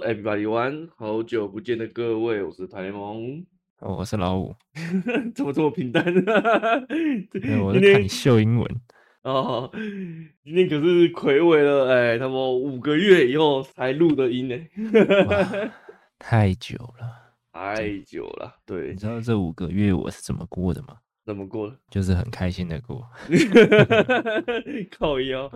Hello, everybody one，好久不見的各位，我是台萌，哦，我是老武，怎麼 這麼平淡呢，啊？哈哈哈，我在看你秀英文哦，今天可是睽違了哎，他們五個月以後才錄的音呢。哈哈哈，太久了，太久了，對，你知道這五個月我是怎麼過的嗎？怎麼過了？就是很開心的過， 靠腰，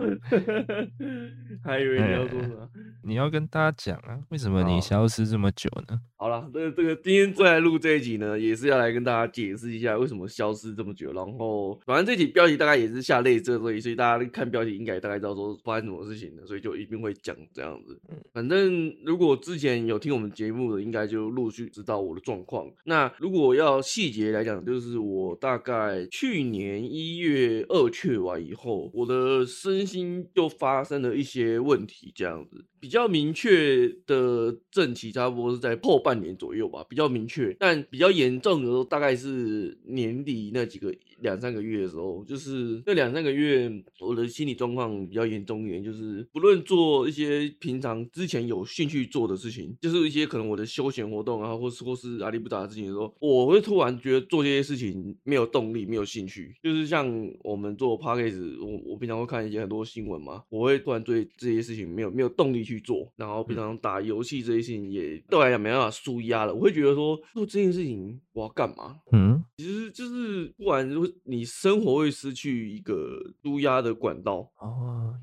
還以為你要做什麼？嘿嘿嘿，你要跟大家講啊，為什麼你消失這麼久呢？好了，那這個今天再來錄這一集呢，也是要來跟大家解釋一下為什麼消失這麼久。然後，反正這集標題大概也是下類似的，所以，所以大家看標題應該大概知道說發生什麼事情的，所以就一定會講這樣子。反正如果之前有聽我們節目的，應該就陸續知道我的狀況。那如果要細節來講，就是我大。大概去年一月二確診完以後，我的身心就發生了一些問題，這樣子。比較明確的症期差不多是在後半年左右吧，比較明確。但比較嚴重的時候大概是年底那幾個兩三個月的時候，就是那兩三個月我的心理狀況比較嚴重一點，就是不論做一些平常之前有興趣做的事情，就是一些可能我的休閒活動啊，或是或是阿里不達的事情的時候，我會突然覺得做這些事情沒有動力，沒有興趣。就是像我們做 Podcast，我我平常會看一些很多新聞嘛，我會突然對這些事情沒有沒有動力。去做，然後平常打遊戲這些事情也都、嗯、來講沒辦法紓壓了。我會覺得說做這件事情我要幹嘛？嗯，其實就是不然，如果你生活會失去一個紓壓的管道啊，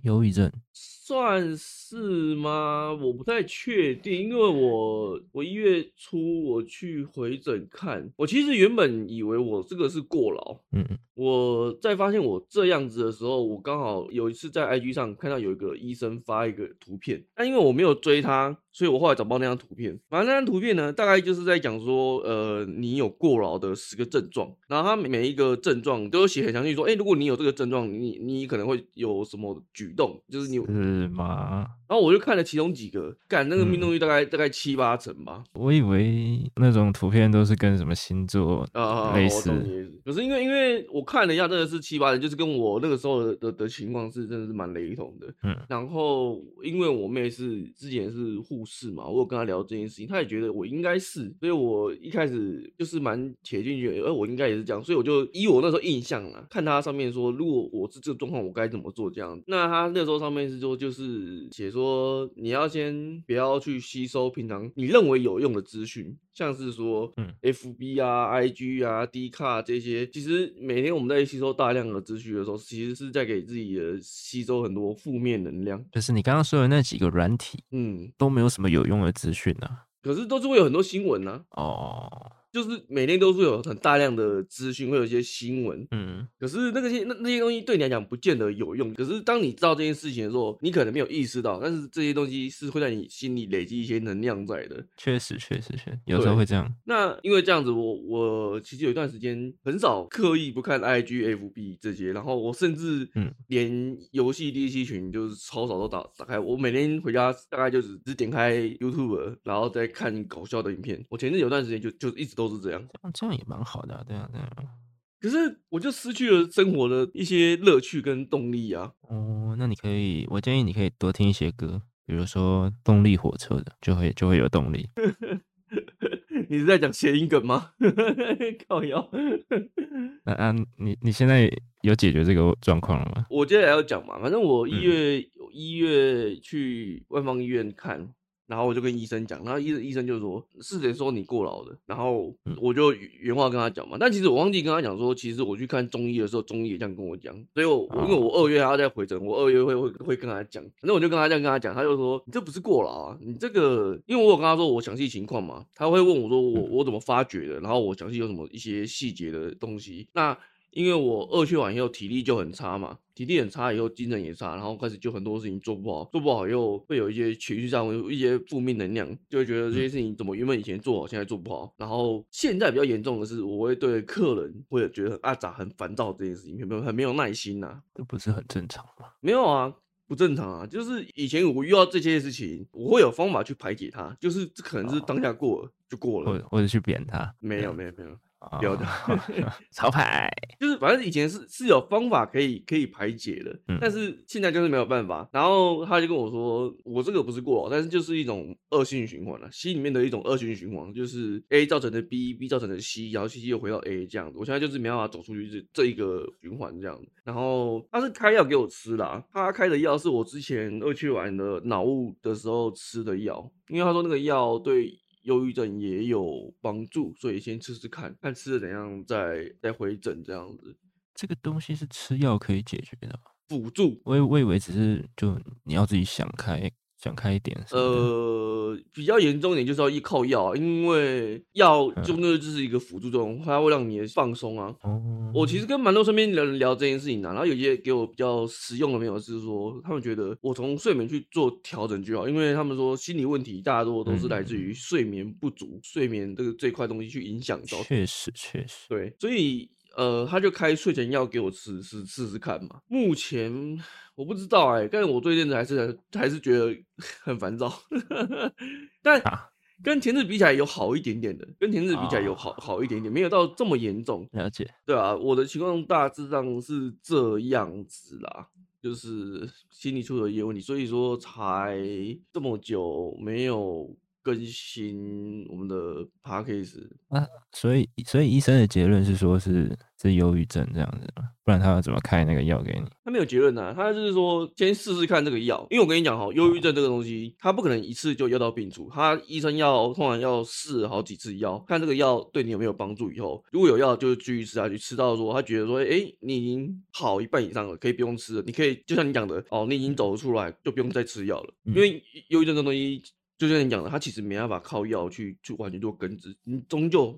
憂鬱、哦、症。算是嗎？我不太確定，因為我我一月初我去回診看，我其實原本以為我這個是過勞，嗯嗯，我在發現我這樣子的時候，我剛好有一次在 IG 上看到有一個醫生發一個圖片，但因為我沒有追他。所以我後來找不到那張圖片。反正那張圖片呢，大概就是在講說，呃，你有過勞的十個症狀，然後他每一個症狀都有寫很詳細，說，哎、欸，如果你有這個症狀，你你可能會有什麼舉動，就是你有。是嗎？然後我就看了其中幾個，幹那個命中率大概，嗯、大概七八成吧。我以為那種圖片都是跟什麼星座啊類似，可、啊、是因為因為我看了一下，真的是七八成，就是跟我那個時候的的，的情況是真的是蠻雷同的。嗯，然後因為我妹是之前是護。不是嘛？我有跟他聊這件事情，他也覺得我應該是，所以我一開始就是蠻鐵定，哎、欸，我應該也是這樣，所以我就依我那時候印象了、啊，看他上面說，如果我是這個狀況，我該怎麼做這樣。那他那時候上面是說，就是寫說你要先不要去吸收平常你認為有用的資訊。像是說，嗯，FB 啊、嗯、，IG 啊，D 卡啊這些，其實每天我們在吸收大量的資訊的時候，其實是在給自己的吸收很多負面能量。就是你剛剛說的那幾個軟體，嗯，都沒有什麼有用的資訊吶，可是都是會有很多新聞吶、啊。哦。就是每天都是有很大量的資訊，會有一些新聞，嗯，可是那個些那那些東西對你來講不見得有用。可是當你知道這件事情的時候，你可能沒有意識到，但是這些東西是會在你心裡累積一些能量在的。確實，確實，確實有時候會這樣。那因為這樣子我，我我其實有一段時間很少刻意不看 I G F B 這些，然後我甚至連遊戲 Discord 群就是超少都打打開我。我每天回家大概就是只點開 YouTube，然後再看搞笑的影片。我前陣有段時間就就一直都。都是這樣，這樣，這樣也蠻好的啊，對啊，對啊。對啊，可是我就失去了生活的一些樂趣跟動力啊。哦，那你可以，我建議你可以多聽一些歌，比如說動力火車的，就會就會有動力。 你是在講諧音梗嗎？ 靠腰腰笑。那啊，你你現在有解決這個狀況了嗎？我接下來要講嘛，反正我一月一月、嗯、去萬芳醫院看。然後我就跟醫生講，然後醫生醫生就說，是誰說你過勞的？然後我就原話跟他講嘛。但其實我忘記跟他講說，其實我去看中醫的時候，中醫也這樣跟我講。所以我，我因為我二月還要再回診，我二月會會會跟他講。那我就跟他這樣跟他講，他就說你這不是過勞啊，你這個，因為我有跟他說我詳細情況嘛，他會問我說我我怎麼發覺的，然後我詳細有什麼一些細節的東西。那因為我二去完以後體力就很差嘛，體力很差以後精神也差，然後開始就很多事情做不好，做不好又會有一些情緒上，有一些負面能量，就會覺得這些事情怎麼原本以前做好，現在做不好。然後現在比較嚴重的是，我會對客人會覺得很阿雜很煩躁，這件事情有沒有很沒有耐心吶、啊？這不是很正常嗎？沒有啊，不正常啊。就是以前我遇到這些事情，我會有方法去排解它，就是這可能是當下過了、oh. 就過了，或者去扁它。沒有，沒有，沒有。有的，潮牌、啊、 就是，反正以前是是有方法可以可以排解的，嗯、但是現在就是沒有辦法。然後他就跟我說，我這個不是過，但是就是一種惡性循環了、啊，心裡面的一種惡性循環，就是 A 造成的 B，B 造成的 C，然後 C 又回到 A 這樣子。我現在就是沒辦法走出去這這一個循環這樣。然後他是開藥給我吃的，他開的藥是我之前二去丸的腦霧的時候吃的藥，因為他說那個藥對。憂鬱症也有幫助，所以先吃吃看，看吃的怎樣再，再再回診這樣子。這個東西是吃藥可以解決的，輔助。我我以為只是就你要自己想開。想開一點，呃，比較嚴重一點就是要依靠藥，因為藥就那個是一個輔助作用，嗯、它會讓你放鬆啊。嗯、我其實跟蠻多身邊的人聊這件事情，啊、然後有一些給我比較實用的朋友是說，他們覺得我從睡眠去做調整就好，因為他們說心理問題大多都是來自於睡眠不足，嗯、睡眠這個這塊東西去影響到。確實，確實，對，所以。呃，他就開睡前藥給我吃，試試試看嘛。目前我不知道哎、欸，但我最近還是我對電子還是還是覺得很煩躁。 但跟前子比起來有好一點點的，跟前子比起來有好好一點點，沒有到這麼嚴重。了解，對啊，我的情況大致上是這樣子啦，就是心理出了一些問題，所以說才這麼久沒有。更新我們的 p a c k a s e 啊，所以所以醫生的結論是說，是是是憂鬱症這樣子，不然他要怎麼開那個藥給你？他沒有結論吶、啊，他就是說先試試看這個藥，因為我跟你講哈，憂鬱症這個東西，他、嗯、不可能一次就藥到病除，他醫生要通常要試好幾次藥，看這個藥對你有沒有幫助。以後如果有藥、啊，就繼續吃下去，吃到說他覺得說，哎、欸，你已經好一半以上了，可以不用吃了，你可以就像你講的哦，你已經走了出來，嗯、就不用再吃藥了，因為憂鬱症這個東西，就像你講的，他其實沒辦法靠藥去去完全做根治，你終究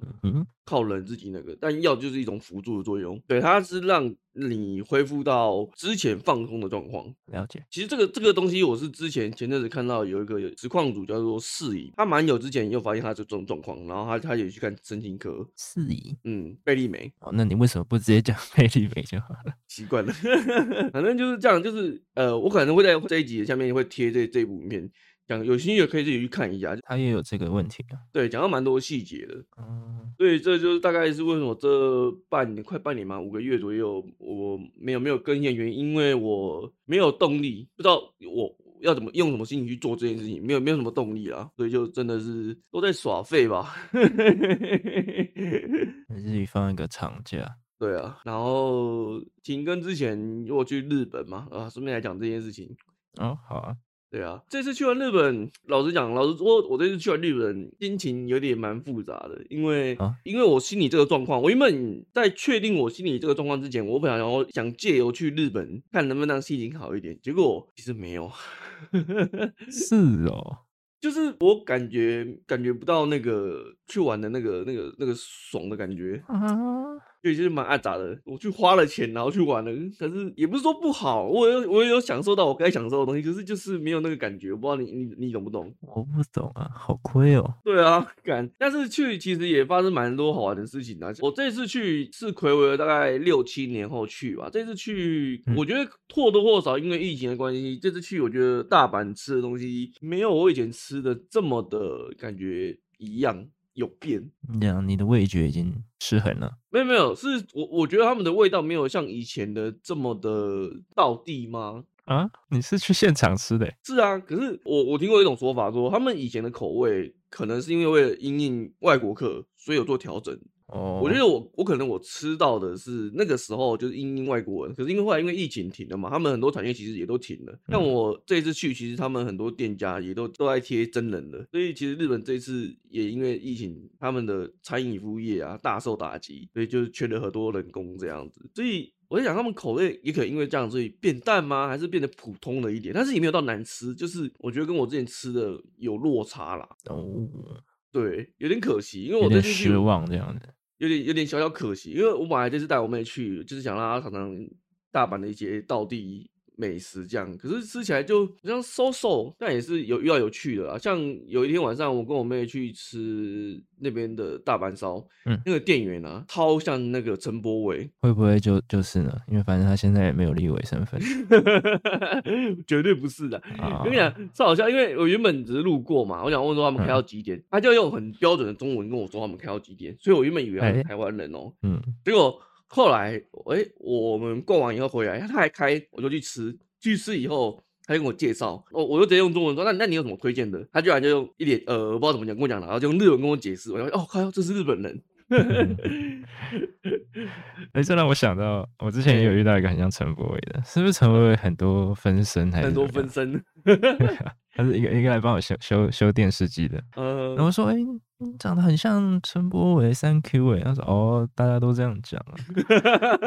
靠人自己那個。嗯、哼但藥就是一種輔助的作用，對，它是讓你恢復到之前放空的狀況。了解。其實這個這個東西，我是之前前陣子看到有一個實況主叫做四姨，他蠻久之前又發現他這種狀況，然後他他也去看身心科。四姨宜，嗯，貝莉莓。哦，那你為什麼不直接講貝莉莓就好了？習慣慣了， 反正就是這樣，就是呃，我可能會在這一集下面會貼這這部影片。講，有興趣的可以自己去看一下，他也有這個問題啊。對，講到蠻多細節的，嗯，所以這就是大概是為什麼這半年，快半年嘛，五個月左右，我沒有沒有更新的原因，因為我沒有動力，不知道我要怎麼用什麼心情去做這件事情，沒有沒有什麼動力啊，所以就真的是都在耍廢吧。自己放一個長假，對啊，然後停更之前我去日本嘛，啊，順便來講這件事情，哦，好啊。對啊，這次去完日本，老實講，老實說我，我這次去完日本，心情有點蠻複雜的，因為、啊、因為我心裡這個狀況，我原本在確定我心裡這個狀況之前，我本來想，想借由去日本看能不能讓心情好一點，結果其實沒有， 是哦，就是我感覺感覺不到那個去玩的那個那個那個爽的感覺、啊其實蠻阿雜的，我去花了錢，然後去玩了，可是也不是說不好，我有我也有享受到我該享受的東西，可是就是沒有那個感覺，我不知道你你你懂不懂？我不懂啊，好虧哦。對啊，感，但是去其實也發生蠻多好玩的事情啊。我這次去是睽違了大概六七年後去吧，這次去、嗯、我覺得或多或少因為疫情的關係，這次去我覺得大阪吃的東西沒有我以前吃的這麼的感覺一樣。有變，這樣你的味覺已經失衡了。沒有沒有，是我我覺得他們的味道沒有像以前的這麼的道地嗎？啊，你是去現場吃的、欸？是啊，可是我我聽過一種說法說，說他們以前的口味可能是因為為了因應外國客，所以有做調整。哦，oh, 我覺得我我可能我吃到的是那個時候就是英英外國人，可是因為後來因為疫情停了嘛，他們很多產業其實也都停了。像我這一次去，其實他們很多店家也都都在貼真人的，所以其實日本這一次也因為疫情，他們的餐飲服務業啊大受打擊，所以就是缺了很多人工這樣子。所以我在想，他們口味也可能因為這樣，所以變淡嗎？還是變得普通了一點？但是也沒有到難吃，就是我覺得跟我之前吃的有落差啦。哦，oh, 對，有點可惜，因為我這次去，有點失望這樣子。有點有點小小可惜，因為我本來這次帶我妹去，就是想讓她嚐嚐大阪的一些道地美食這樣，可是吃起來就比較瘦瘦，so, 但也是有要有，有趣的啦。像有一天晚上，我跟我妹去吃那邊的大阪燒，嗯，那個店員呢、啊，超像那個陳柏惟，會不會就就是呢？因為反正他現在也沒有立委身份， 絕對不是的。跟你講，超好笑，因為我原本只是路過嘛，我想問說他們開到幾點，他、嗯啊、就用很標準的中文跟我說他們開到幾點，所以我原本以為他是台灣人哦、喔欸，嗯，結果。後來，哎、欸，我們逛完以後回來，他還開，我就去吃，去吃以後，他就跟我介紹，我我就直接用中文說，那那你有什麼推薦的？他居然就用一點呃，我不知道怎麼講，跟我講了，然後就用日文跟我解釋，我說哦靠，這是日本人。哎、 欸，這讓我想到，我之前也有遇到一個很像陳柏惟的，是不是陳柏惟很、很多分身？很多分身，他是一個一個來幫我修修修電視機的，呃，然後我說，哎、欸。長得很像陳柏惟，欸，三 Q 哎，他說哦，大家都這樣講、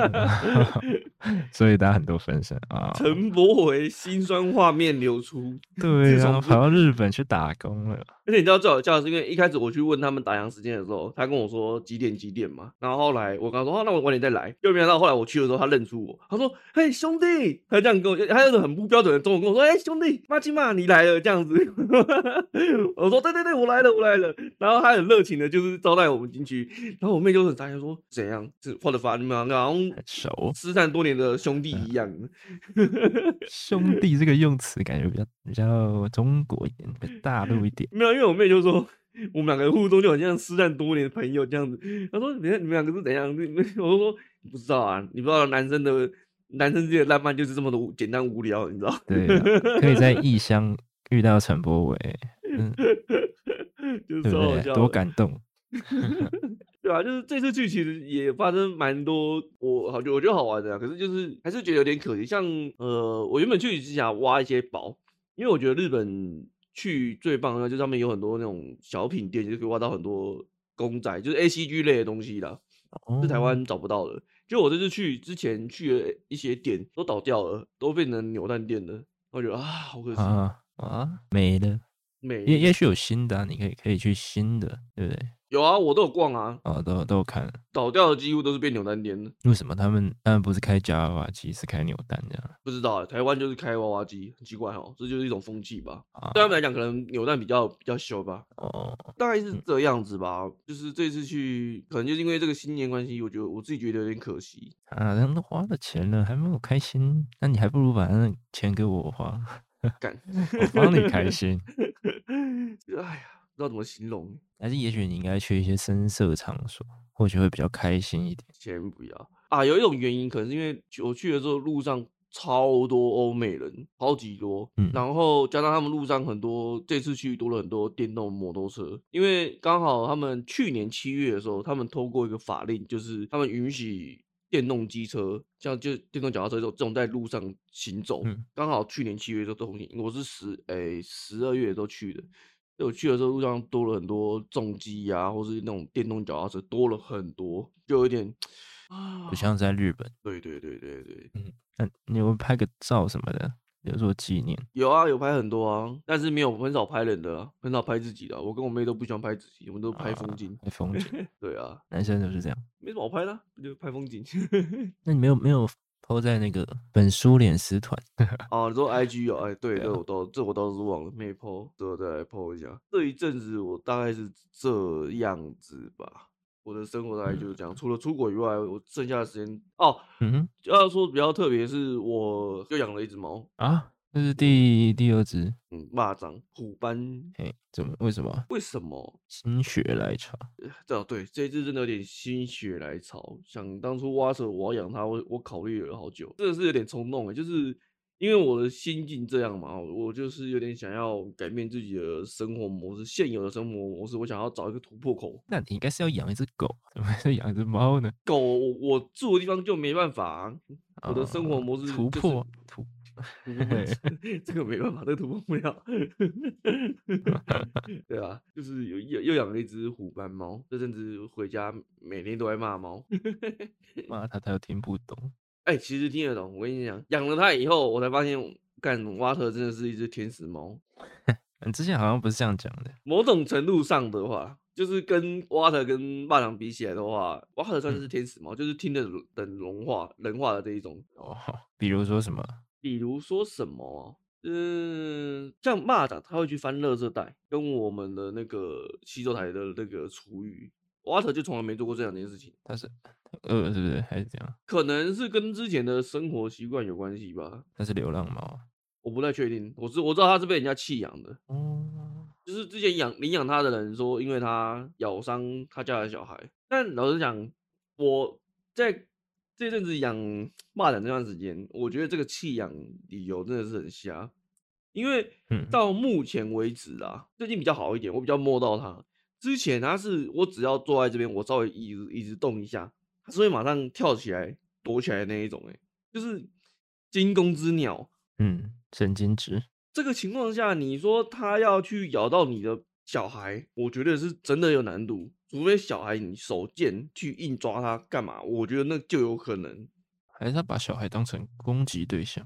嗯、啊，所以大家很多分身啊。陳、哦、柏惟辛酸畫面流出，對啊，跑到日本去打工了。而且你知道最好笑的是，因為一開始我去問他們打烊時間的時候，他跟我說幾點幾點嘛，然後後來我跟他說，啊、那我晚點再來。就沒想到後來我去的時候，他認出我，他說嘿兄弟，他這樣跟我，他用很不標準的中文跟我說，哎、欸、兄弟，瑪奇瑪你來了這樣子。 我說對，對對對，我來了我來了，然後。他很熱情的，就是招待我們進去，然後我妹就很擔心說：“怎樣？是或者發你們兩個好像失散多年的兄弟一樣？”嗯、兄弟這個用詞感覺比較比較中國一點，比較大陸一點。沒有，因為我妹就說我們兩個人互動就好像失散多年的朋友這樣子。他說：“你看你們兩個是怎樣？”我說：“不知道啊。”你不知道男生的男生之間的浪漫就是這麼的簡單無聊，你知道？對，可以在異鄉遇到陳柏偉。 嗯 就是說，多感動， 對啊，就是這次去其實也發生蠻多我好覺，我覺得好玩的、啊，可是就是還是覺得有點可惜。像呃，我原本去之前挖一些寶，因為我覺得日本去最棒的就是上面有很多那種小品店，就可以挖到很多公仔，就是 A C G 類的東西的，哦、是台灣找不到了，就我這次去之前去了一些店都倒掉了，都變成扭蛋店了，我覺得啊，好可惜啊，沒、啊、了。沒也也許有新的、啊，你可以可以去新的，對不對？有啊，我都有逛啊，啊、哦，都有都有看。倒掉的幾乎都是變扭蛋店的，為什麼他們？他們不是開娃娃機，是開扭蛋這樣？不知道啊、欸，台灣就是開娃娃機，很奇怪哦、喔，這就是一種風氣吧。啊，對他們來講，可能扭蛋比較比較小吧。哦，大概是這樣子吧。嗯、就是這次去，可能就是因為這個新年關係，我覺得我自己覺得有點可惜。啊，他都花了錢了還沒有開心，那你還不如把那錢給我花， 幹我幫你開心。 哎 呀，不知道怎麼形容，還是也許你應該去一些深色場所，或許會比較開心一點。先不要啊，有一種原因，可能是因為我去的時候路上超多歐美人，超級多，嗯、然後加上他們路上很多，這次去多了很多電動摩托車，因為剛好他們去年七月的時候，他們透過一個法令，就是他們允許。電動機車，像就電動腳踏車這種，在路上行走，剛、嗯、好去年七月就東西，我是十誒十二月都去的，我去的時候路上多了很多重機呀、啊，或是那種電動腳踏車多了很多，就有點不像在日本、啊。對對對對對，嗯，那你有拍個照什麼的？留作紀念，有啊，有拍很多啊，但是沒有很少拍人的，很少拍自己的、啊。我跟我妹都不喜歡拍自己，我們都拍風景。啊、拍風景，對啊，男生就是這樣，沒什麼好拍的、啊，就拍風景。 那你沒有沒有拋在那個本書臉師團？ 啊，說 IG 有、哦，哎，對這我倒這我倒是忘了沒拋，這我再來拋一下。這一陣子我大概是這樣子吧。我的生活大概就是這樣，除了出國以外，我剩下的時間哦，嗯哼，就要說比較特別，是我又養了一隻貓啊，這是第第二隻，嗯，螞蚱虎斑，嘿、欸，怎麼為什麼？為什麼，為什麼心血來潮？哦，對，這一隻真的有點心血來潮，想當初挖蛇我要養它，我我考慮了好久，這個是有點衝動的、欸、就是。因為我的心境這樣嘛，我就是有點想要改變自己的生活模式，現有的生活模式，我想要找一個突破口。那你應該是要養一隻狗，怎麼會是養一隻貓呢？狗，我住的地方就沒辦法，啊、我的生活模式、就是、突破，突，這個沒辦法，這個突破不了。 對啊，就是有又養了一隻虎斑貓，這陣子回家每天都在罵貓，罵它它又聽不懂。哎、欸，其實聽得懂。我跟你講，養了它以後，我才發現，幹沃特真的是一隻天使貓。你之前好像不是這樣講的。某種程度上的話，就是跟沃特跟螞蚱比起來的話，沃特算是天使貓，嗯、就是聽得懂人話、人話的這一種。哦，比如說什麼？比如說什麼？嗯、就是，像螞蚱，他會去翻垃圾袋，跟我們的那個洗手台的那個廚餘。water 就從來沒做過這兩件事情，他是餓是不是還是這樣？可能是跟之前的生活習慣有關係吧。但是流浪貓，我不太確定。我知我知道它是被人家棄養的，嗯，就是之前養領養它的人說，因為它咬傷他家的小孩。但老實講，我在這陣子養螞蚱那段時間，我覺得這個棄養理由真的是很瞎。因為到目前為止啊，嗯，最近比較好一點，我比較摸到它。之前他是我只要坐在這邊，我稍微一直一直動一下，他是會馬上跳起來躲起來的那一種，誒。就是驚弓之鳥，嗯，神經質。這個情況下，你說他要去咬到你的小孩，我覺得是真的有難度，除非小孩你手賤去硬抓他幹嘛，我覺得那就有可能，還是他把小孩當成攻擊對象，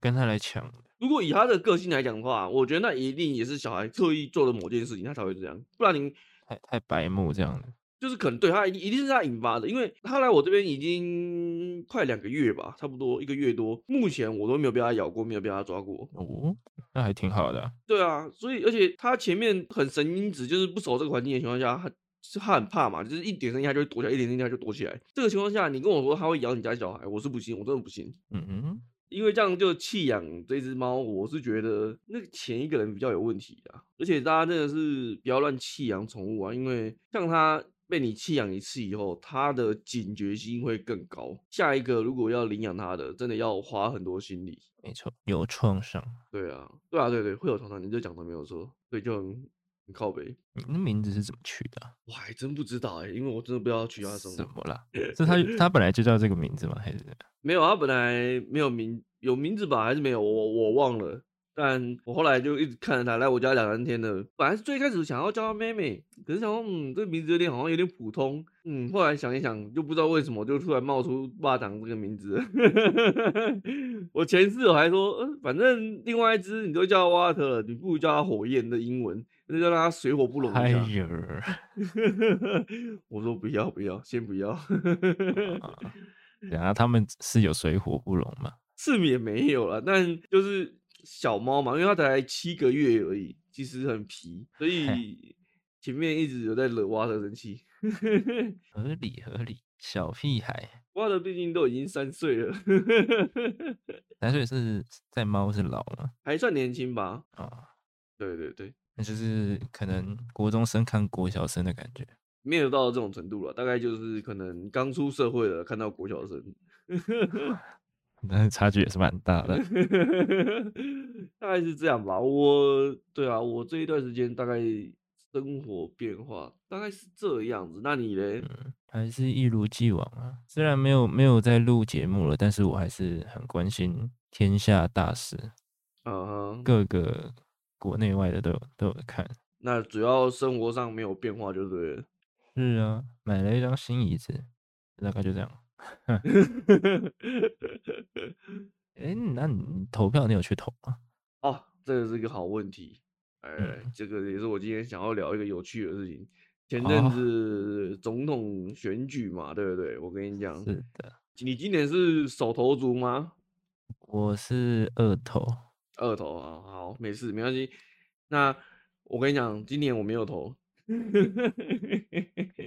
跟他來搶。如果以他的個性來講的話，我覺得那一定也是小孩特意做的某件事情，他才會這樣。不然你太太白目這樣了，就是可能對他一定，一定是他引發的，因為他來我這邊已經快兩個月吧，差不多一個月多，目前我都沒有被他咬過，沒有被他抓過。哦，那還挺好的啊。對啊，所以而且他前面很神經質，就是不熟這個環境的情況下，是他，他很怕嘛，就是一點聲音他就會躲起來，一點聲音他就躲起來。這個情況下，你跟我說他會咬你家小孩，我是不信，我真的不信。嗯嗯。因為這樣就棄養這隻貓，我是覺得那個前一個人比較有問題啊，而且大家真的是不要亂棄養寵物啊，因為像它被你棄養一次以後，它的警覺心會更高，下一個如果要領養它的，真的要花很多心力，沒錯，有創傷，對啊，對啊，對對，會有創傷，你這講都沒有錯，對，就很。你靠北，那名字是怎麼取的啊？我還真不知道哎，因為我真的不知道取叫什麼了。是 他他本來就叫這個名字嗎？還是沒有？他本來沒有名，有名字吧？還是沒有？我我忘了。但我後來就一直看着他來我家兩三天了。本來是最開始想要叫他妹妹，可是想說嗯，這個名字有點好像有點普通。嗯，後來想一想，就不知道為什麼，就突然冒出“巴掌”這個名字了。 我前室友還說，反正另外一隻你都叫瓦特了，你不如叫他火焰的英文，那就讓他水火不容一下。 我說不要不要，先不要。 啊、等下他們是有水火不容嗎？是也沒有了，但就是小貓嘛，因為它才七個月而已，其實很皮，所以前面一直有在惹瓦特生氣。 合理合理，小屁孩，我的畢竟都已經三歲了，三 歲是在貓是老了，還算年輕吧？啊、哦，對對對，那就是可能國中生看國小生的感覺，沒有到這種程度了，大概就是可能剛出社會了，看到國小生，但是 差距也是蠻大的， 大概是這樣吧。我對啊，我這一段時間大概，生活變化大概是這樣子，那你嘞？嗯，還是一如既往啊。雖然沒有沒有在錄節目了，但是我還是很關心天下大事，嗯、uh-huh、各個國內外的都有都有看。那主要生活上沒有變化就對了。是啊，買了一張新椅子，大概就這樣。哎、 欸，那你，你投票，你有去投嗎？啊。哦，這個是一個好問題。哎、欸，這個也是我今天想要聊一個有趣的事情。前陣子總統選舉嘛，哦、對不對，對？我跟你講，是的你今年是首投族嗎？我是二投，二投啊，好，沒事，沒關係。那我跟你講，今年我沒有投，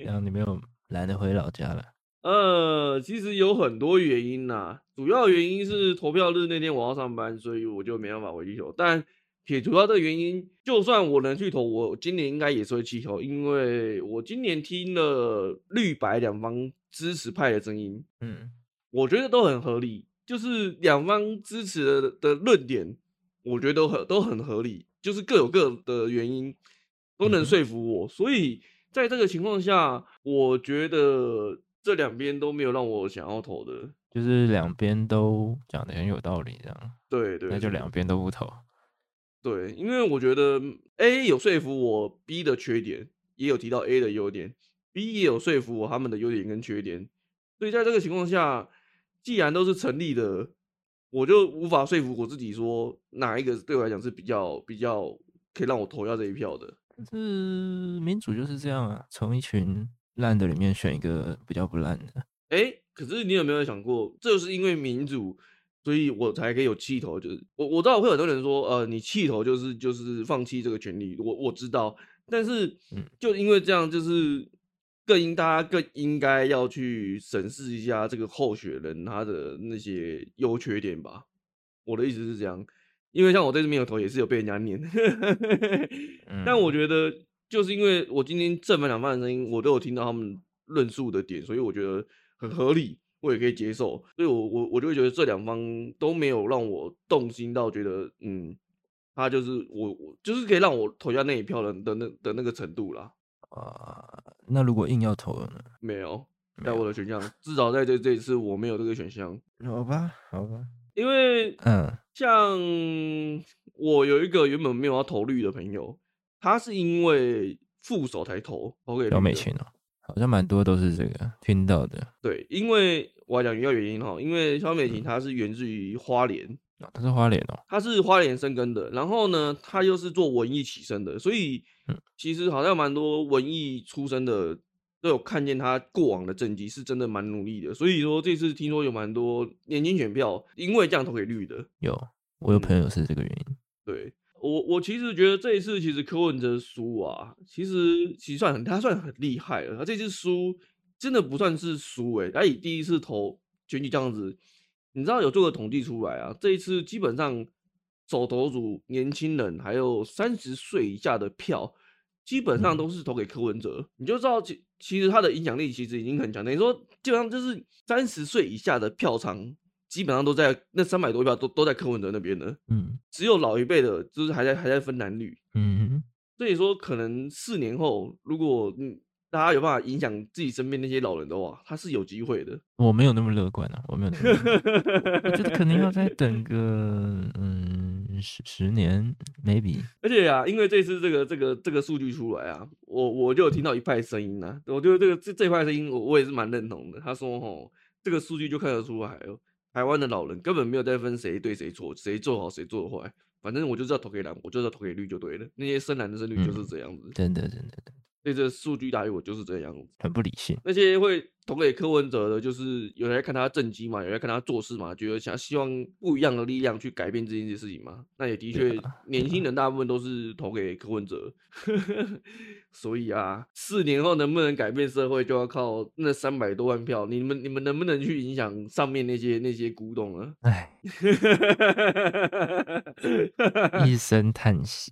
然 後你沒有懶得回老家了。呃，其實有很多原因吶，主要原因是投票日那天我要上班，所以我就沒辦法回去投。但且主要的原因，就算我能去投，我今年應該也是會棄投，因為我今年聽了綠白兩方支持派的聲音，嗯，我覺得都很合理，就是兩方支持的論點，我覺得都很都很合理，就是各有各的原因，都能說服我，嗯，所以在這個情況下，我覺得這兩邊都沒有讓我想要投的，就是兩邊都講得很有道理，這樣，對對，對對，那就兩邊都不投。對，因為我覺得 A 有說服我 B 的缺點也有提到 A 的優點，B 也有說服我他們的優點跟缺點，所以在這個情況下，既然都是成立的，我就無法說服我自己說哪一個對我來講是比較比較可以讓我投下這一票的。是民主就是這樣啊，從一群爛的裡面選一個比較不爛的。誒，可是你有沒有想過，這是因為民主？所以我才可以有棄投，就是我我知道會有很多人說，呃，你棄投就是就是放棄這個權利，我我知道，但是就因為這樣，就是更應大家更應該要去審視一下這個候選人他的那些優缺點吧。我的意思是這樣，因為像我這次沒有投也是有被人家念，呵呵呵，嗯。但我覺得就是因為我今天正反兩方的聲音我都有聽到他們論述的點，所以我覺得很合理。我也可以接受，所以我我我就會覺得這兩方都沒有讓我動心到覺得，嗯，他就是我，我就是可以讓我投下那一票的的那的那個程度啦。啊、呃，那如果硬要投了呢？沒有，沒有在我的選項，至少在這這一次我沒有這個選項。好吧，好吧，因為嗯，像我有一個原本沒有要投綠的朋友，他是因為副手才投，OK，蕭美好像蠻多都是這個聽到的，對，因為我來講主要原因哈，因為蕭美琴她是源自於花蓮，她、嗯、是花蓮哦，她是花蓮生根的，然後呢，她又是做文藝起身的，所以、嗯、其實好像蠻多文藝出身的都有看見她過往的政績，是真的蠻努力的，所以說這次聽說有蠻多年輕選票因為這樣投給綠的，有，我有朋友是這個原因，嗯、對。我我其實覺得這一次其實柯文哲輸啊，其實其實算很他算很厲害了。他這次輸真的不算是輸哎、欸，他以第一次投選舉這樣子，你知道有做個統計出來啊？這一次基本上首投族，首投族年輕人還有三十歲以下的票，基本上都是投給柯文哲。你就知道其其實他的影響力其實已經很強。你說基本上就是三十歲以下的票倉。基本上都在那三百多票，都都在柯文哲那邊的，嗯，只有老一輩的，就是還在還在分男女，嗯哼所以說可能四年後，如果嗯大家有辦法影響自己身邊那些老人的話，他是有機會的。我沒有那麼樂觀啊，我沒有那麼樂觀， 我覺得可能要再等個嗯十十年 maybe。而且啊，因為這次這個這個這個數據出來啊，我我就有聽到一派聲音吶、啊，嗯、我覺得這個這這一派聲音我我也是蠻認同的。他說哦，這個數據就看得出來哦。台灣的老人根本沒有在分誰對誰錯，誰做好誰做壞，反正我就知道投給藍，我就知道投給綠就對了。那些深藍的深綠就是這樣子，真的真的真的。對，所以這數據大於我就是這樣子，很不理性。那些會。投給柯文哲的，就是有人在看他政績嘛，有人在看他做事嘛，覺得想希望不一樣的力量去改變這件事情嘛。那也的確，年輕人大部分都是投給柯文哲， 所以啊，四年後能不能改變社會，就要靠那三百多萬票，你們你們能不能去影響上面那些那些古董啊？唉， 一聲嘆息，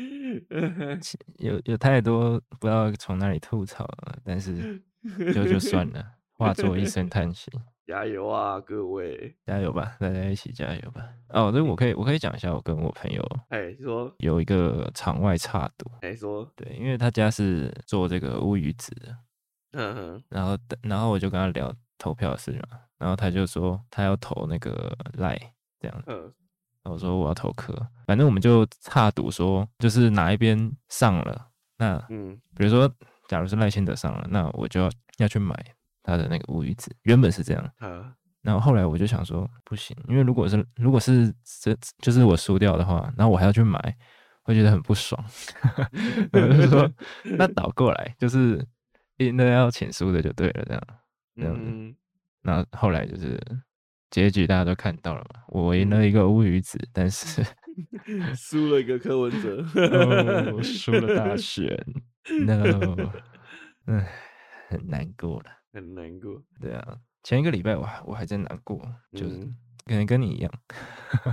有有太多不知道從哪裡吐槽了，但是。 就就算了，化作一聲嘆息。 加油啊，各位！加油吧，大家一起加油吧。哦，這我可以，我可以講一下我跟我朋友。哎、欸，說有一個場外差賭。哎、欸，說對，因為他家是做這個烏魚子的。嗯哼。然後，然後我就跟他聊投票的事情，然後他就說他要投那個賴這樣子嗯。那我說我要投柯，反正我們就差賭說就是哪一邊上了那嗯，比如說。假如是賴清德上了,那我就要要去買他的那個烏魚子。原本是這樣，嗯、然後後來我就想說不行，因為如果是如果是這就是我輸掉的話，那我還要去買，會覺得很不爽。 我就說 那倒過來，就是贏的要請輸的就對了，這樣。這樣嗯，那後，後來就是結局大家都看到了嘛，我贏了一個烏魚子，嗯、但是。輸 了一個柯文哲，輸、oh, 了大選 No. 唉，很難過了，很難過，對啊，前一個禮拜我我還在難過，就是可能跟你一樣，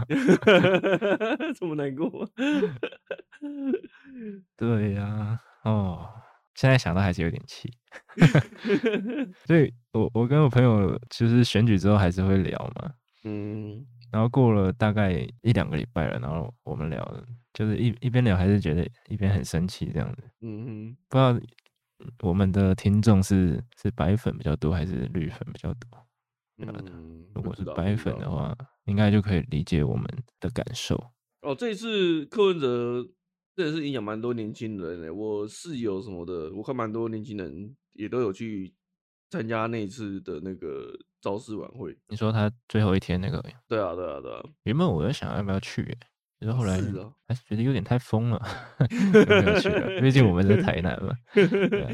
怎麼難過？ 對呀、啊，哦、oh,，現在想到還是有點氣，對， 我我跟我朋友，其實選舉之後還是會聊嘛，嗯。然後過了大概一兩個禮拜了，然後我們聊，就是一一邊聊還是覺得一邊很生氣這樣子。嗯哼，不知道我們的聽眾是是白粉比較多還是綠粉比較多。嗯，如果是白粉的話，應該就可以理解我們的感受。哦，這一次柯文哲這也是影響蠻多年輕人誒、欸，我室友什麼的，我看蠻多年輕人也都有去。參加那一次的那個造勢晚會。你說他最後一天那個，對啊對啊對啊，對啊對啊，原本我在想要不要去，欸，然後後來還是，啊欸，覺得有點太瘋了，畢 竟我們是台南嘛。 啊、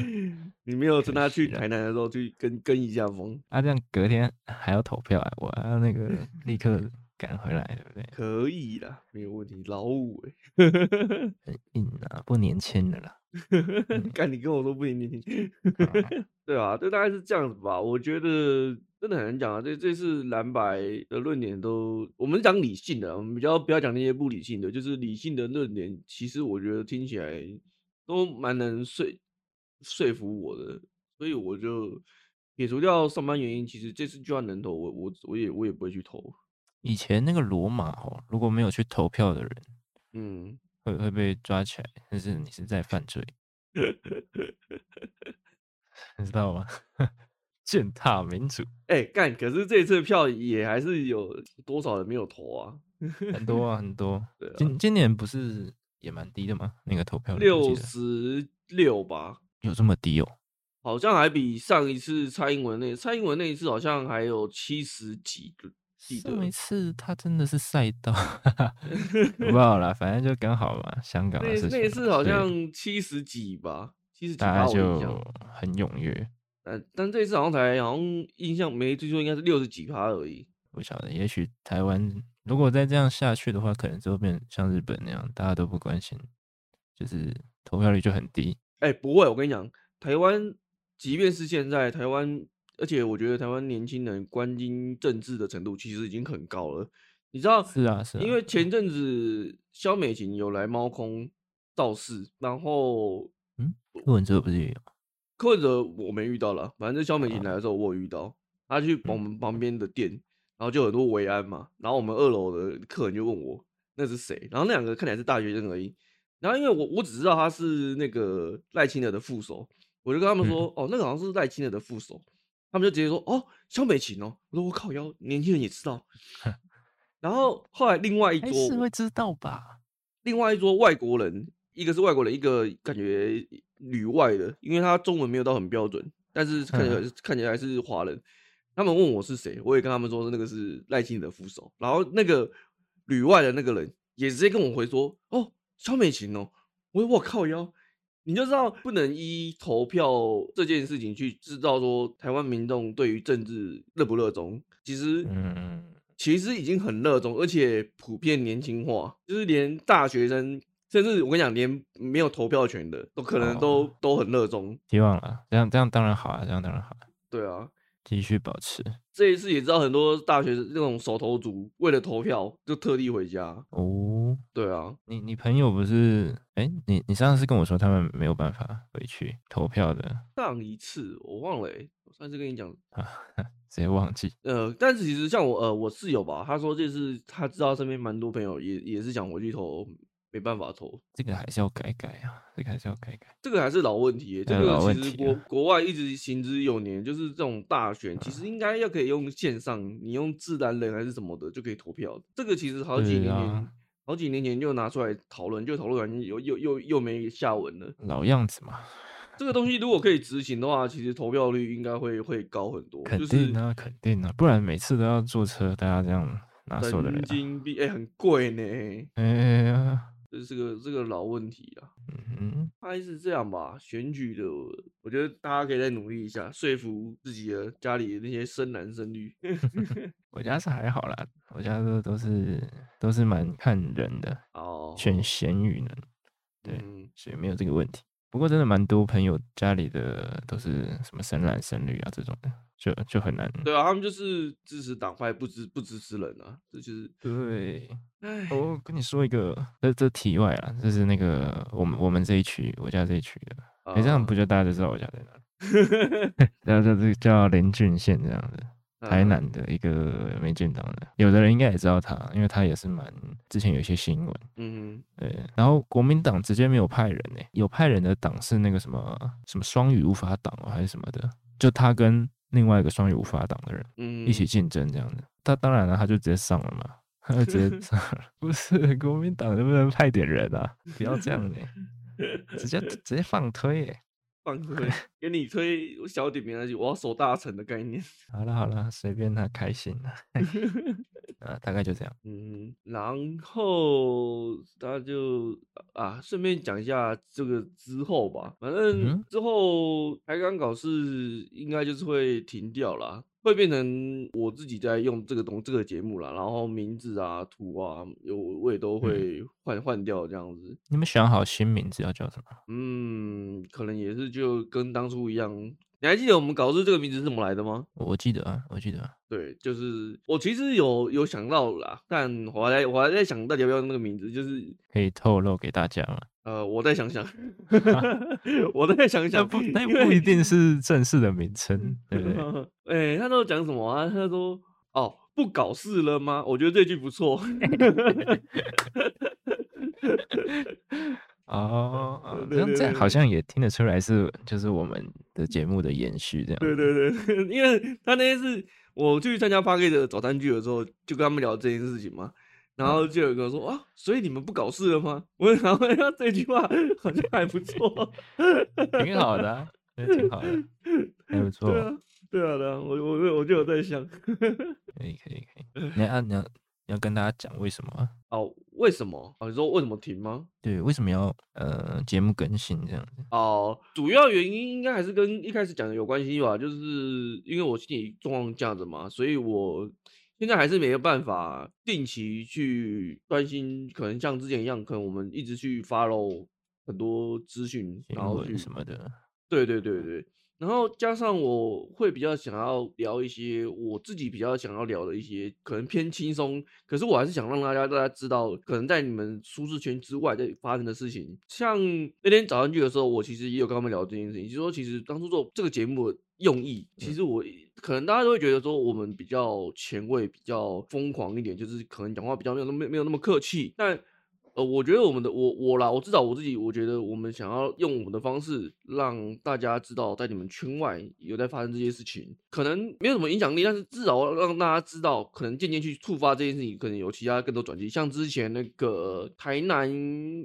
你沒有趁他去台南的時候去跟跟一下風啊？啊這樣隔天還要投票啊，欸，我還要那個立刻。 趕回來對不對？可以啦，沒有問題。老五呵， 很硬啊，不年輕的啦。看 你跟我都不年輕， 啊對啊，這大概是這樣子吧。我覺得真的很難講啊。這這次藍白的論點都，我們講理性的，我們比較不要講那些不理性的。就是理性的論點，其實我覺得聽起來都蠻能說說服我的。所以我就撇除掉上班原因，其實這次就算能投，我我我也我也不會去投。以前那個羅馬哦，如果沒有去投票的人，嗯，會會被抓起來，但是你是在犯罪， 你知道嗎？踐 踏民主。哎、欸，幹！可是這次票也還是有多少人沒有投啊？ 很多啊，很多。今、啊、今年不是也蠻低的嗎？那個投票率六十六吧，有這麼低哦、喔？好像還比上一次蔡英文那次蔡英文那一次好像還有七十幾個。上一次他真的是賽道，哈不好啦？反正就剛好嘛，香港 那一次好像七十幾吧，七十幾他就很踴躍。呃，但這一次好像台好像印象沒最多應該是六十幾趴而已。不曉得，也許台灣如果再這樣下去的話，可能就會變像日本那樣，大家都不關心，就是投票率就很低。哎，不會，我跟你講，台灣即便是現在台灣。而且我覺得台灣年輕人關心政治的程度其實已經很高了，你知道？是啊，是啊。因為前陣子蕭、嗯、美琴有來貓空造勢，然後嗯，柯文哲不是也有？柯文哲我沒遇到啦，反正蕭美琴來的時候我有遇到，啊、他去我們旁邊的店，嗯、然後就很多維安嘛，然後我們二樓的客人就問我那是誰，然後那兩個看起來是大學生而已，然後因為我我只知道他是那個賴清德的，的副手，我就跟他們說、嗯、哦，那個好像是賴清德的，的副手。他們就直接說：“哦，蕭美琴哦。”我說：“我靠腰，年輕人也知道。” 然後後來另外一桌是會知道吧？另外一桌外國人，一個是外國人，一個感覺旅外的，因為他中文沒有到很標準，但是看起來、嗯、看起來還是華人。他們問我是誰，我也跟他們說那個是賴清德副手。然後那個旅外的那個人也直接跟我回說：“哦，蕭美琴哦。”我說：“我靠腰。你就知道不能依投票這件事情去知道說台灣民眾對於政治熱不熱衷？其實，嗯，其實已經很熱衷，而且普遍年輕化，就是連大學生，甚至我跟你講，連沒有投票權的都可能都、哦、都很熱衷，希望了，這樣這樣當然好啊，這樣當然好，啊，對啊。繼續保持。這一次也知道很多大學那種首投族，為了投票就特地回家哦。對啊，你你朋友不是？哎、欸，你你上次跟我說他們沒有辦法回去投票的。上一次我忘了、欸，哎，上次跟你講啊， 直接忘記。呃，但是其實像我呃，我室友吧，他說這次他知道身邊蠻多朋友也也是想回去投。沒辦法投，這個還是要改改啊，這個還是要改改，這個還是老問題、欸。這個其實國外、啊、國外一直行之有年，就是這種大選，嗯、其實應該要可以用線上，你用自然人還是什麼的就可以投票。這個其實好幾年，啊、好幾年前就拿出來討論，就討論完又又又又沒下文了。老樣子嘛， 這個東西如果可以執行的話，其實投票率應該會會高很多。肯定啊，肯定啊，不然每次都要坐車，大家這樣難受得、啊欸、很、欸。金幣很貴呢。哎呀。這是個這個老問題啊，嗯哼，大概是這樣吧。選舉的，我覺得大家可以再努力一下，說服自己的家裡的那些深藍深綠 我家是還好啦，我家都都是都是蠻看人的哦，選賢與能，對，所以沒有這個問題。不過真的蠻多朋友家裡的都是什麼深藍深綠啊這種的，就就很難。對啊，他們就是支持黨派，不支不支持人啊，這就是。對，我唉、哦、跟你說一個，這這題外啊，這是那個我們我們這一區，我家這一區的，你、嗯欸、這樣不就大家就知道我家在哪？呵呵呵，這叫叫林俊憲這樣子。台南的一個民進黨的，嗯、有的人應該也知道他，因為他也是蠻之前有一些新聞。嗯哼對，然後國民黨直接沒有派人呢、欸，有派人的黨是那個什麼什麼雙語無法黨還是什麼的，就他跟另外一個雙語無法黨的人，一起競爭這樣的，嗯、他當然了、啊，他就直接上了嘛，他就直接上，了。 不是國民黨能不能派點人啊？不要這樣哎、欸，直接直接放推、欸放開， 給你推小點名，那句「我要守大城」的概念 好啦。好了好了，隨便他開心了， 啊，大概就這樣。嗯，然後大家就啊，順便講一下這個之後吧，反正之後還剛考試應該就是會停掉啦。會變成我自己在用這個東這個節目了，然後名字啊、圖啊，有我，我也都會換換掉這樣子。嗯、你們想好新名字要叫什麼？嗯，可能也是就跟當初一樣。你還記得我們搞事這個名字是怎麼來的嗎？我記得啊，我記得啊。對，就是我其實有有想到啦，但我還在我還在想，到底要不要那個名字，就是可以透露給大家嗎？呃，我再想想，哈 我再想一下，不，那為不一定是正式的名稱。哎，他都講什麼啊？他說哦，不搞事了嗎？我覺得這句不錯。 好像這好像也聽得出來是，就是我們的節目的延續這樣。對對對，因為他那些是我去參加 Parker 的早餐聚的時候，就跟他們聊這件事情嘛。然後就有一個說、嗯、啊，所以你們不搞事了嗎？我然後他這句話好像還不錯， 挺好的、啊， 挺好的，還不錯、啊，對啊，對啊的。我我我就有在想，可以可以可以，你按你要跟大家講為什麼啊 oh, 為什麼？哦，為什麼？哦，你說為什麼停嗎？對，為什麼要呃節目更新這樣子？哦，oh, 主要原因應該還是跟一開始講的有關係吧，就是因為我心裡狀況這樣子嘛，所以我現在還是沒有辦法定期去關心，可能像之前一樣，可能我們一直去 follow 很多資訊，然後去什麼的。對對對對,對。然後加上我會比較想要聊一些我自己比較想要聊的一些，可能偏輕鬆，可是我還是想讓大家大家知道，可能在你們舒適圈之外在發生的事情。像那天早上去的時候，我其實也有跟他們聊這件事情，就是說其實當初做這個節目的用意，嗯、其實我可能大家都會覺得說我們比較前衛、比較瘋狂一點，就是可能講話比較沒有那麼沒有那麼客氣，但，呃，我覺得我們的我我啦，我至少我自己，我覺得我們想要用我們的方式讓大家知道，在你們圈外有在發生這些事情，可能沒有什麼影響力，但是至少讓大家知道，可能漸漸去觸發這件事情，可能有其他更多轉機。像之前那個、呃、台南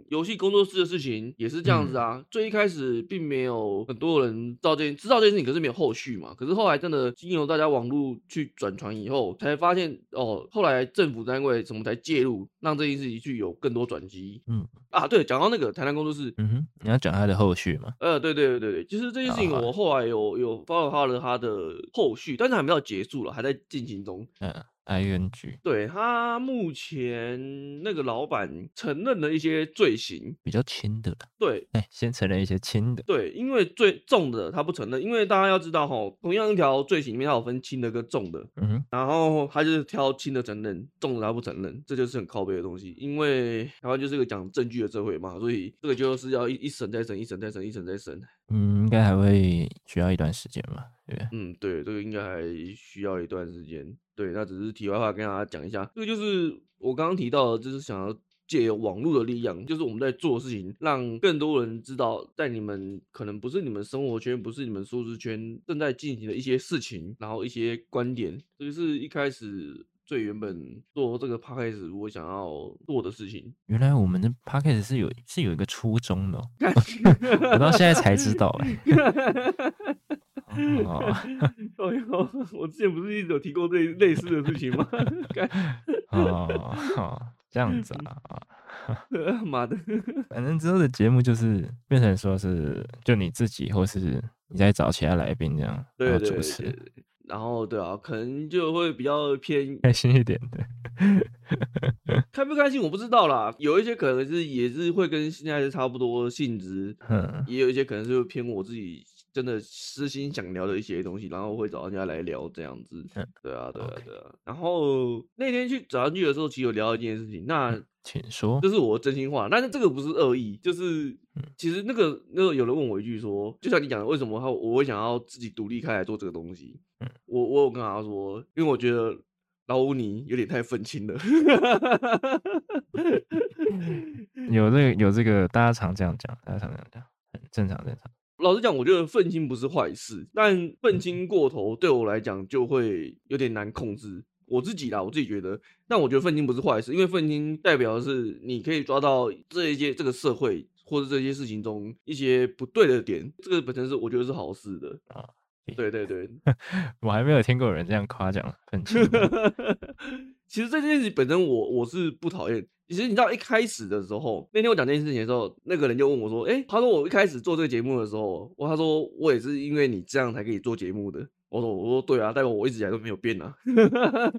遊戲工作室的事情也是這樣子啊，嗯、最一開始並沒有很多人到這知道這件事情，可是沒有後續嘛，可是後來真的經由大家網絡去轉傳以後，才發現哦、呃，後來政府單位什麼才介入，讓這件事情去有更多轉。嗯啊對，講到那個台南工作室，嗯哼，你要講他的後續嗎？呃，對對對對對，其實這件事情我後來有有 follow 他的，他的後續，但是還沒有結束了，還在進行中。嗯。來源局對他目前那個老闆承認的一些罪行，比較輕的啦。對，哎，先承認一些輕的。對，因為最重的他不承認。因為大家要知道哈，同樣一條罪行裡面，它有分輕的跟重的。嗯哼，然後他就是挑輕的承認，重的他不承認，這就是很靠北的東西。因為台灣就是一個講證據的社會嘛，所以這個就是要一一審再審，一審再審，一審再審。神神嗯，應該還會需要一段時間嘛。嗯，對，這個應該還需要一段時間。對，那只是題外話，跟大家講一下。這個就是我剛剛提到的，就是想要借網絡的力量，就是我們在做事情，讓更多人知道，在你們可能不是你們生活圈，不是你們舒適圈正在進行的一些事情，然後一些觀點。這、就、個是一開始最原本做這個 podcast 如果想要做的事情。原來我們的 podcast 是有是有一個初衷的，我到現在才知道欸。 哦，我之前不是一直有提過類，類似的事情嗎？ 哦？哦，這樣子啊，媽、哦、 馬的！ 反正之後的節目就是變成說是就你自己，或是你再找其他來賓這樣，對對對，主持對對對。然後對啊，可能就會比較偏開心一點的， 開， 開不開心我不知道啦。有一些可能是也是會跟現在是差不多性質，嗯呵，也有一些可能是會偏我自己。真的私心想聊的一些東西，然後我會找人家來聊這樣子、嗯、對啊對啊 Okay. 對啊，然後那天去找他虐的時候其實有聊到一件事情那、嗯、請說，就是我真心話，但是這個不是惡意，就是其實那個那個有人問我一句說，就像你講的為什麼他我會想要自己獨立開來做這個東西、嗯、我我有跟他說，因為我覺得老武你有點太憤青了 有這個有這個，大家常這樣講，大家常這樣講，很正常正常老實講，我覺得憤青不是壞事，但憤青過頭對我來講就會有點難控制。我自己啦，我自己覺得，但我覺得憤青不是壞事，因為憤青代表的是你可以抓到這一些這個社會或是這些事情中一些不對的點，這個本身是我覺得是好事的啊。對對對， 我還沒有聽過有人這樣誇獎憤青。 其實這件事本身我，我我是不討厭。其實你知道一開始的時候，那天我講這件事情的時候，那個人就問我說：“哎、欸，他說我一開始做這個節目的時候，我他說我也是因為你這樣才可以做節目的。”我說：“我說對啊，但我一直以來都沒有變啊。 ”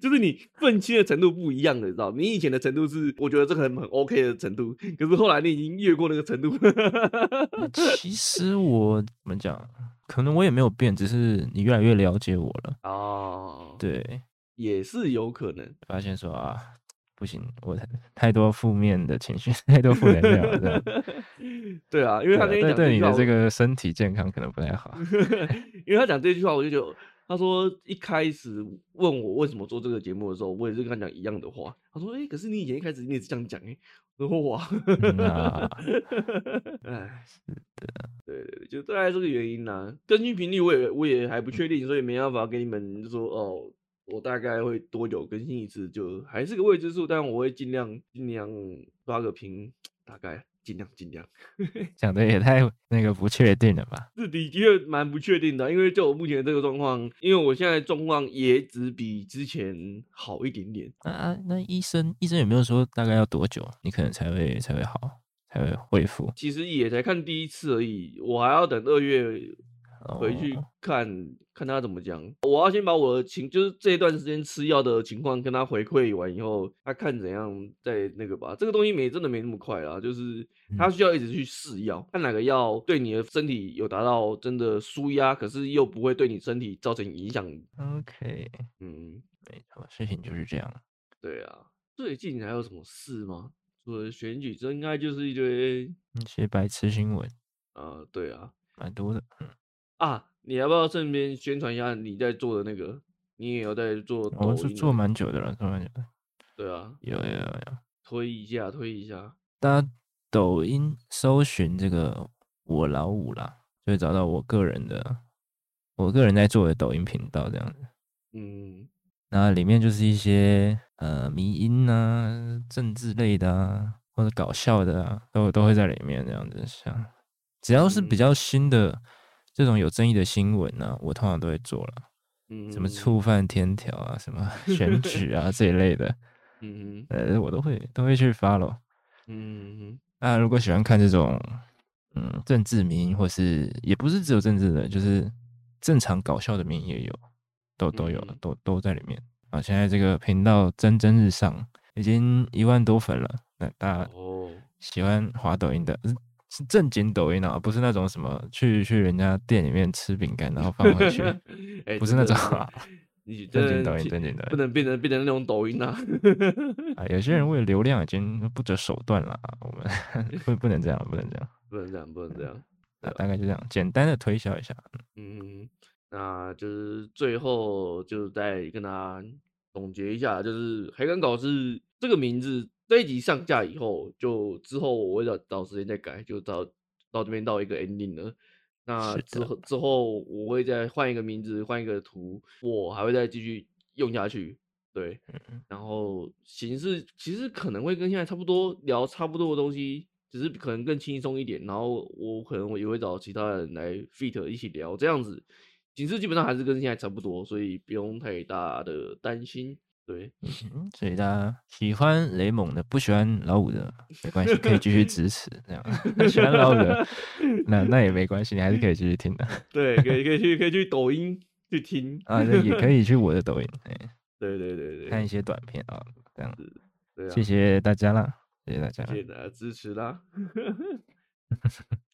就是你憤青的程度不一樣的，你知道，你以前的程度是我覺得這個很很 OK 的程度，可是後來你已經越過那個程度。 嗯、其實我怎麼講，可能我也沒有變，只是你越來越了解我了哦，對，也是有可能發現說啊。不行，我太太多負面的情緒，太多負能量了。對， 對啊，因為他跟你對對，對，你的這個身體健康可能不太好。 因為他講這句話，我就覺得，他說一開始問我為什麼做這個節目的時候，我也是跟他講一樣的話。他說、欸：“可是你以前一開始你也是這樣講，哎。”我說：“哇。 ”哎、嗯啊，是的， 對，對對，就大概這個原因呢、啊。更新頻率，我也我也還不確定，嗯、所以沒辦法給你們就說哦。我大概會多久更新一次，就還是個未知數。但我會盡量盡量刷個屏，大概盡量盡量。講 的也太那個不確定了吧？是的確蠻不確定的，因為就我目前這個狀況，因為我現在狀況也只比之前好一點點啊。那醫生醫生有沒有說大概要多久，你可能才會才會好，才會恢復？其實也才看第一次而已，我還要等二月。回去看看他怎麼講。我要先把我的情，就是這一段時間吃藥的情況跟他回饋完以後，他、啊、看怎樣再那個吧。這個東西沒真的沒那麼快啊，就是他需要一直去試藥，嗯、看哪個藥對你的身體有達到真的舒壓，可是又不會對你身體造成影響。OK，嗯，沒錯，事情就是這樣。對啊，最近還有什麼事嗎？除了選舉，這應該就是一堆一些白痴新聞啊、呃。對啊，蠻多的，嗯。啊！你要不要順便宣傳一下你在做的那個？你也有在做抖音，那個、我們做做蠻久的了，做蠻久的。對啊，有呀，有有，推一下，推一下。大家抖音搜尋這個“我老武”啦，就會找到我個人的，我個人在做的抖音頻道這樣子。嗯，那裡面就是一些呃，迷因啊、政治類的啊，或者搞笑的啊，都都會在裡面這樣子。像，只要是比較新的。嗯這種有爭議的新聞呢、啊，我通常都會做了，什麼觸犯天條啊，什麼選舉啊 這一類的，嗯，呃，我都會都會去 follow， 啊、大家如果喜歡看這種，嗯，政治名或是也不是只有政治的，就是正常搞笑的名也有，都都有，都都在裡面 啊。現在這個頻道蒸蒸日上，已經一萬多粉了，那大家哦喜歡滑抖音的，嗯。是正經抖音啊，不是那種什麼去去人家店裡面吃餅乾然後放回去， 欸、不是那種、啊。的正經抖音，正經抖音，不能變成變成那種抖音啊！ 啊，有些人為了流量已經不擇手段了、啊，我們不不能這樣，不能這樣，不能這樣， 不能這樣、啊。大概就這樣，簡單的推銷一下。嗯，那就是最後就再跟大家總結一下，就是海港島是這個名字。這一集上架以後，就之後我會找找時間再改，就到到這邊到一個 ending 了。那之後的之後我會再換一個名字，換一個圖，我還會再繼續用下去。對，嗯嗯然後形式其實可能會跟現在差不多，聊差不多的東西，只是可能更輕鬆一點。然後我可能我也會找其他人來 feat 一起聊，這樣子形式基本上還是跟現在差不多，所以不用太大的擔心。對，所以大家喜歡雷蒙的，不喜歡老武的沒關係，可以繼續支持 喜歡老武，的，那那也沒關係，你還是可以繼續聽的。對，可以可以去可以去抖音去聽啊，也可以去我的抖音，哎、欸，對對對對，看一些短片啊、喔，這樣子。對啊，謝謝大家啦，謝謝大家，謝謝大家支持啦。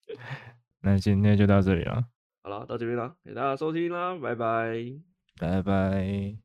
那今天就到這裡了，好了，到這邊了，給大家收聽啦，拜拜，拜拜。